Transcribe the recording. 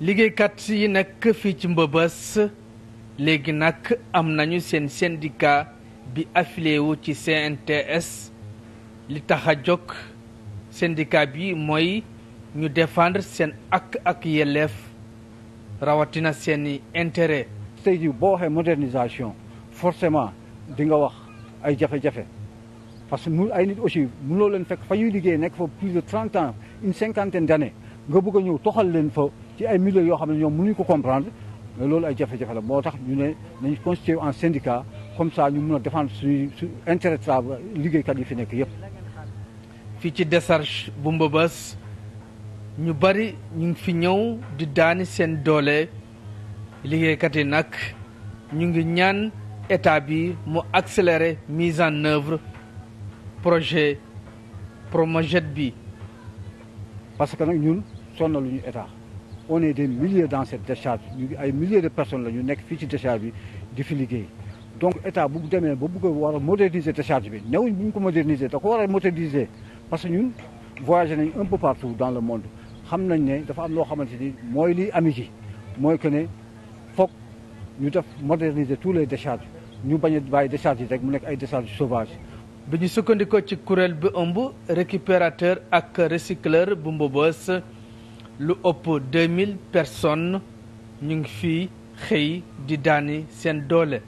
liggéeykat yi nekk fii ci mbëbës léegi nag am nañu seen syndicat bi affilié wu ci CNTS li tax a jóg syndicat bi mooy ñu défendre seen ak ak yelleef rawatina seeni intérêt tey jii boo waxee modernisation forcément di nga wax ay jafe-jafe parce que mu ay nit aussi mënoo leen fekk fa ñuy liggéey nekk fa plus de trente ans une cinquantaine nga bëgg a ñëw toxal leen fa ci ay milieux yoo xam ne ñoom mënuñu ko comprendre loolu ay jafe-jafe la moo tax ñu ne nañu constitué en syndicat comme ça ñu mun a défendre suñu su intérêt travail liggéeykat yi fi nekk yëpp. fii ci décharge bu Mbeubeuss ñu bari ñu ngi fi ñëw di daani seen doole liggéeykat yi nag ñu ngi ñaan état bi mu accélérer mise en œuvre projet Promojet bi. parce que nag ñun lu sonnaluñu état. on est des milliers dans cette décharge ñu ngi ay milliers de personnes la ñu nekk fii ci décharge bi di fi donc état bu demee ba bëgg a war a moderniser décharge bi newuñ bu ñu ko moderniser da ko war a moderniser parce que ñun voyagé nañu un peu partout dans le monde xam nañ ne dafa am loo xamante ni mooy lii ami ji mooy que ne foog ñu def moderniser tous les décharges ñu bañ a bàyyi décharge yi rek mu nekk ay décharge sauvage bi ñu sukkandikoo ci kuréel bi ëmb récupérateur ak recycleur bu Mbobos lu ëpp 2000 personnes ñu ngi fii xëy di daane seen doole.